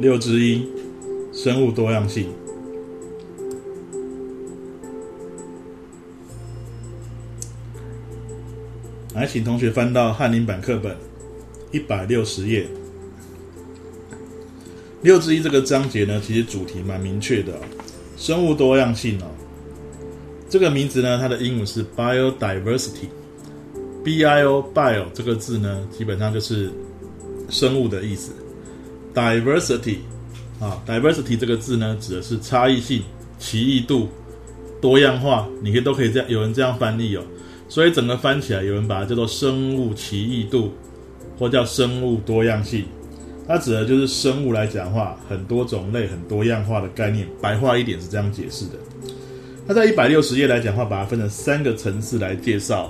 六之一，生物多樣性。來，請同學翻到翰林版課本一百六十頁。六之一這個章節呢，其實主題蠻明確的哦，生物多樣性哦。這個名字呢，它的英文是 biodiversity。B I O bio 這個字呢，基本上就是生物的意思。diversity 啊，diversity 這個字呢，指的是差異性、奇異度、多樣化，你可以都可以這樣，有人這樣翻譯哦。所以整個翻起來，有人把它叫做生物奇異度，或叫生物多樣性。它指的就是生物來講的話，很多種類很多樣化的概念。白話一點是這樣解釋的。它在一百六十頁來講的話，把它分成三個層次來介紹。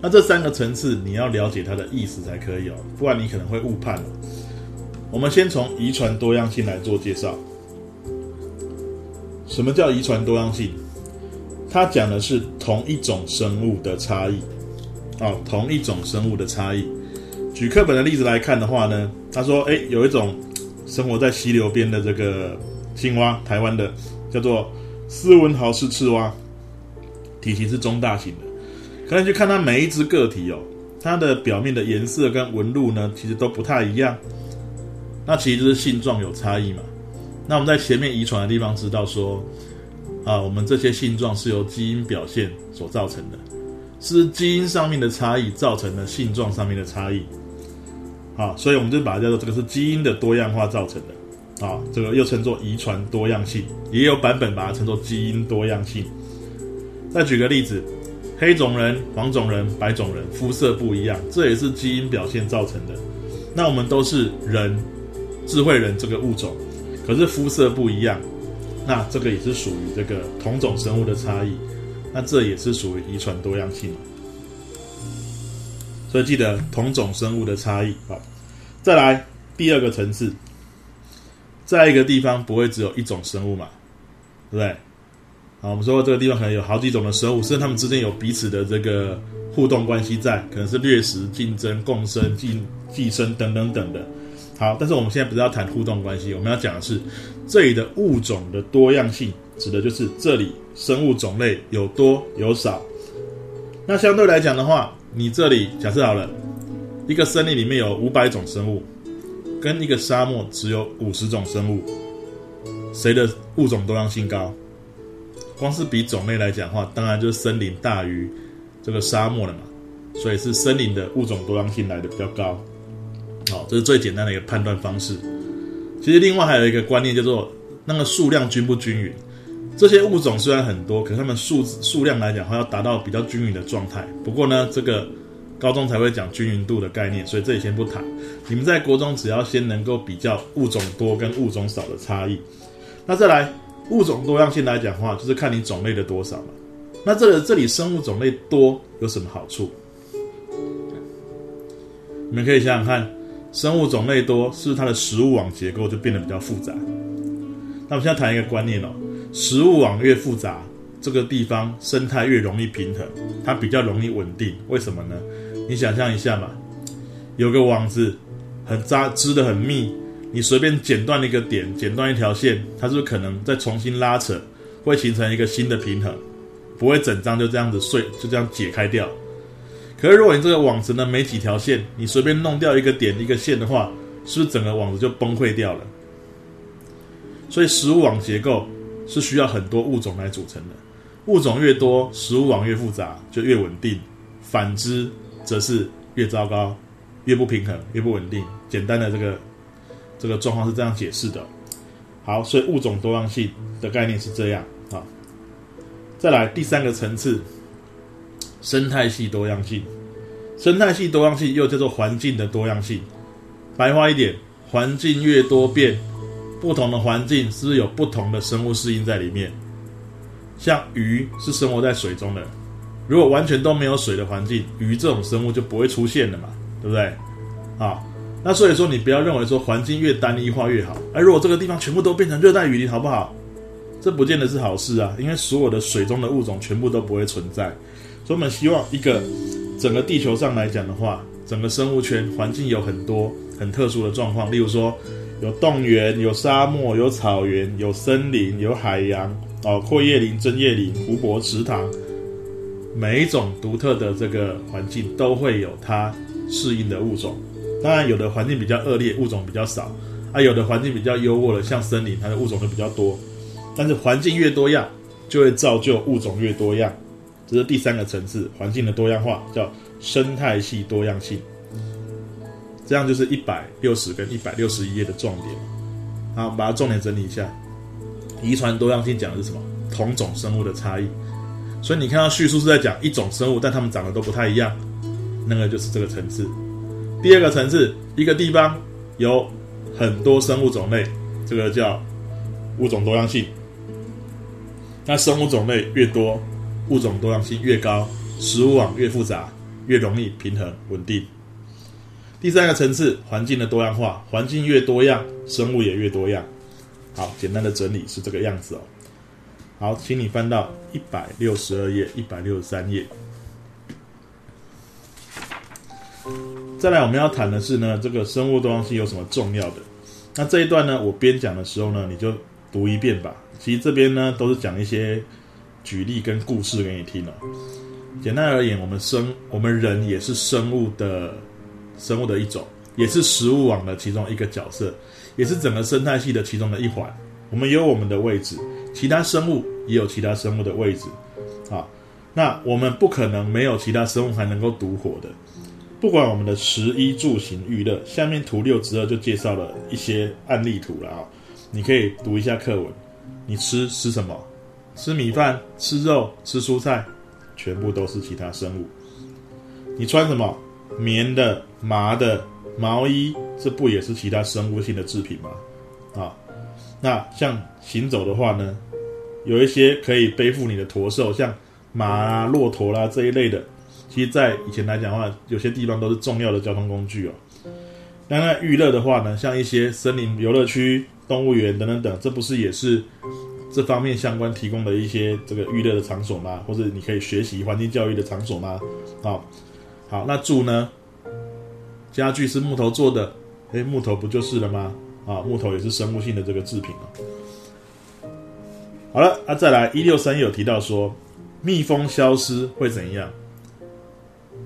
那這三個層次，你要了解它的意思才可以哦，不然你可能會誤判了我們先從遺傳多樣性來做介紹。什麼叫遺傳多樣性？它講的是同一種生物的差異、哦。啊，同一種生物的差異。舉課本的例子來看的話呢，他說：“誒，有一種生活在溪流邊的這個青蛙，台灣的叫做斯文豪氏赤蛙，體型是中大型的。可以去看它每一隻個體哦，它的表面的顏色跟紋路呢，其實都不太一樣。”那其實就是性狀有差異嘛，那我們在前面遺傳的地方知道說，啊，我們這些性狀是由基因表現所造成的，是基因上面的差異造成了性狀上面的差異。啊，所以我們就把它叫做這個是基因的多樣化造成的。啊，這個又稱作遺傳多樣性，也有版本把它稱作基因多樣性。再舉個例子，黑種人、黃種人、白種人膚色不一樣，這也是基因表現造成的。那我們都是人。智慧人這個物種，可是膚色不一樣，那這個也是屬於這個同種生物的差異，那這也是屬於遺傳多樣性。所以記得同種生物的差異。好，再來第二個層次，在一個地方不會只有一種生物嘛，對不對？好，我們說過這個地方可能有好幾種的生物，甚至它們之間有彼此的這個互動關係在，可能是掠食、競爭、共生、寄寄生等等等的。好，但是我們現在不是要談互動關係，我們要講的是這裡的物種的多樣性，指的就是這裡生物種類有多有少。那相對來講的話，你這裡假設好了，一個森林裡面有五百種生物，跟一個沙漠只有五十種生物，誰的物種多樣性高？光是比種類來講的話，當然就是森林大於這個沙漠了嘛，所以是森林的物種多樣性來的比較高。好，這是最簡單的一個判斷方式。其實另外還有一個觀念叫做那個數量均不均勻。這些物種雖然很多，可是它們數字數量來講的話要達到比較均勻的狀態。不過呢，這個高中才會講均勻度的概念，所以這裡先不談。你們在國中只要先能夠比較物種多跟物種少的差異。那再來物種多樣性來講的話，就是看你種類的多少嘛。那這個這裡生物種類多有什麼好處？你們可以想想看。生物種類多，是不是它的食物網結構就變得比較複雜？那我們現在談一個觀念哦，食物網越複雜，這個地方生態越容易平衡，它比較容易穩定。為什麼呢？你想象一下嘛，有個網子，很紮，織得很密，你隨便剪斷一個點，剪斷一條線，它是不是可能再重新拉扯，會形成一個新的平衡，不會整張就這樣子碎，就這樣解開掉。可是，如果你這個網子呢，沒幾條線，你隨便弄掉一個點一個線的話，是不是整個網子就崩潰掉了？所以，食物網結構是需要很多物種來組成的。物種越多，食物網越複雜，就越穩定；反之，則是越糟糕、越不平衡、越不穩定。簡單的這個這個狀況是這樣解釋的。好，所以物種多樣性的概念是這樣。好，再來第三個層次，生態系多樣性。生態系多樣性又叫做環境的多樣性。白話一點，環境越多變，不同的環境是不是有不同的生物適應在裡面？像魚是生活在水中的，如果完全都沒有水的環境，魚這種生物就不會出現了嘛，對不對？啊，那所以說你不要認為說環境越單一化越好。而、呃、如果這個地方全部都變成熱帶雨林，好不好？這不見得是好事啊，因為所有的水中的物種全部都不會存在。所以我們希望一個。整個地球上來講的話，整個生物圈環境有很多很特殊的狀況，例如說有動物園、有沙漠、有草原、有森林、有海洋哦，闊葉林、針葉林、湖泊、池塘，每一種獨特的這個環境都會有它適應的物種。當然，有的環境比較惡劣，物種比較少啊；有的環境比較優渥的，像森林，它的物種就比較多。但是，環境越多樣，就會造就物種越多樣。這是第三個層次，環境的多樣化，叫生態系多樣性。這樣就是一百六十跟一百六十一頁的重點，好，把它重點整理一下。遺傳多樣性講的是什麼？同種生物的差異。所以你看到敘述是在講一種生物，但它們長得都不太一樣，那個就是這個層次。第二個層次，一個地方有很多生物種類，這個叫物種多樣性。那生物種類越多。物種多樣性越高，食物網越複雜，越容易平衡穩定。第三個層次，環境的多樣化，環境越多樣，生物也越多樣。好，簡單的整理是這個樣子哦。好，請你翻到一百六十二頁、一百六十三頁。再來，我們要談的是呢，這個生物多樣性有什麼重要的？那這一段呢，我邊講的時候呢，你就讀一遍吧。其實這邊呢，都是講一些。舉例跟故事給你聽了，哦。簡單而言，我們生我們人也是生物的生物的一種，也是食物網的其中一個角色，也是整個生態系的其中的一環。我們有我們的位置，其他生物也有其他生物的位置。啊，那我們不可能沒有其他生物還能夠獨活的。不管我們的食衣住行娛樂，下面圖六之後就介紹了一些案例圖了啊。你可以讀一下課文，你吃吃什麼？吃米飯、吃肉、吃蔬菜，全部都是其他生物。你穿什麼？棉的、麻的、毛衣，這不也是其他生物性的制品嗎？啊，那像行走的話呢，有一些可以背負你的駝獸，像馬、啊、駱駝啦、啊、這一類的，其實，在以前來講的話，有些地方都是重要的交通工具哦。那那娛樂的話呢，像一些森林遊樂區、動物園等等等，這不是也是？這方面相關提供的一些這個娛樂的場所嗎，或者你可以學習環境教育的場所嗎？好、哦，好，那住呢？家具是木頭做的，誒木頭不就是了嗎？啊、哦，木頭也是生物性的這個制品啊。好了，啊，再來一六三有提到說，蜜蜂消失會怎樣？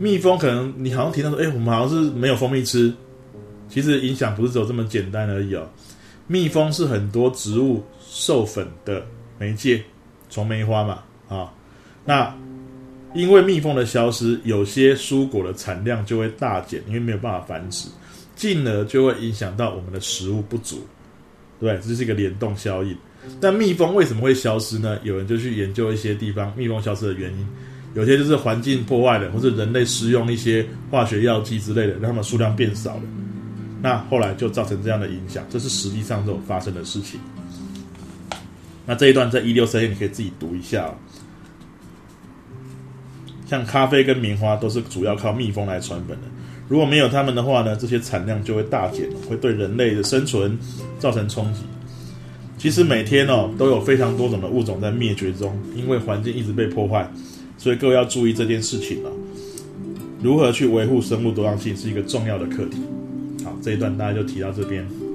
蜜蜂可能你好像提到說，哎，我們好像是沒有蜂蜜吃，其實影響不是只有這麼簡單而已哦。蜜蜂是很多植物授粉的媒介，蟲媒花嘛，啊，那因為蜜蜂的消失，有些蔬果的產量就會大減，因為沒有辦法繁殖，進而就會影響到我們的食物不足，對，這是一個聯動效應。那蜜蜂為什麼會消失呢？有人就去研究一些地方蜜蜂消失的原因，有些就是環境破壞了，或者人類施用一些化學藥劑之類的，讓它們數量變少了。那後來就造成這樣的影響，這是實際上這種發生的事情。那這一段在一六三頁，你可以自己讀一下，哦。像咖啡跟棉花都是主要靠蜜蜂來傳粉的，如果沒有它們的話呢，這些產量就會大減，會對人類的生存造成衝擊。其實每天哦都有非常多種的物種在滅絕中，因為環境一直被破壞，所以各位要注意這件事情了，哦。如何去維護生物多樣性是一個重要的課題。這一段大家就提到這邊。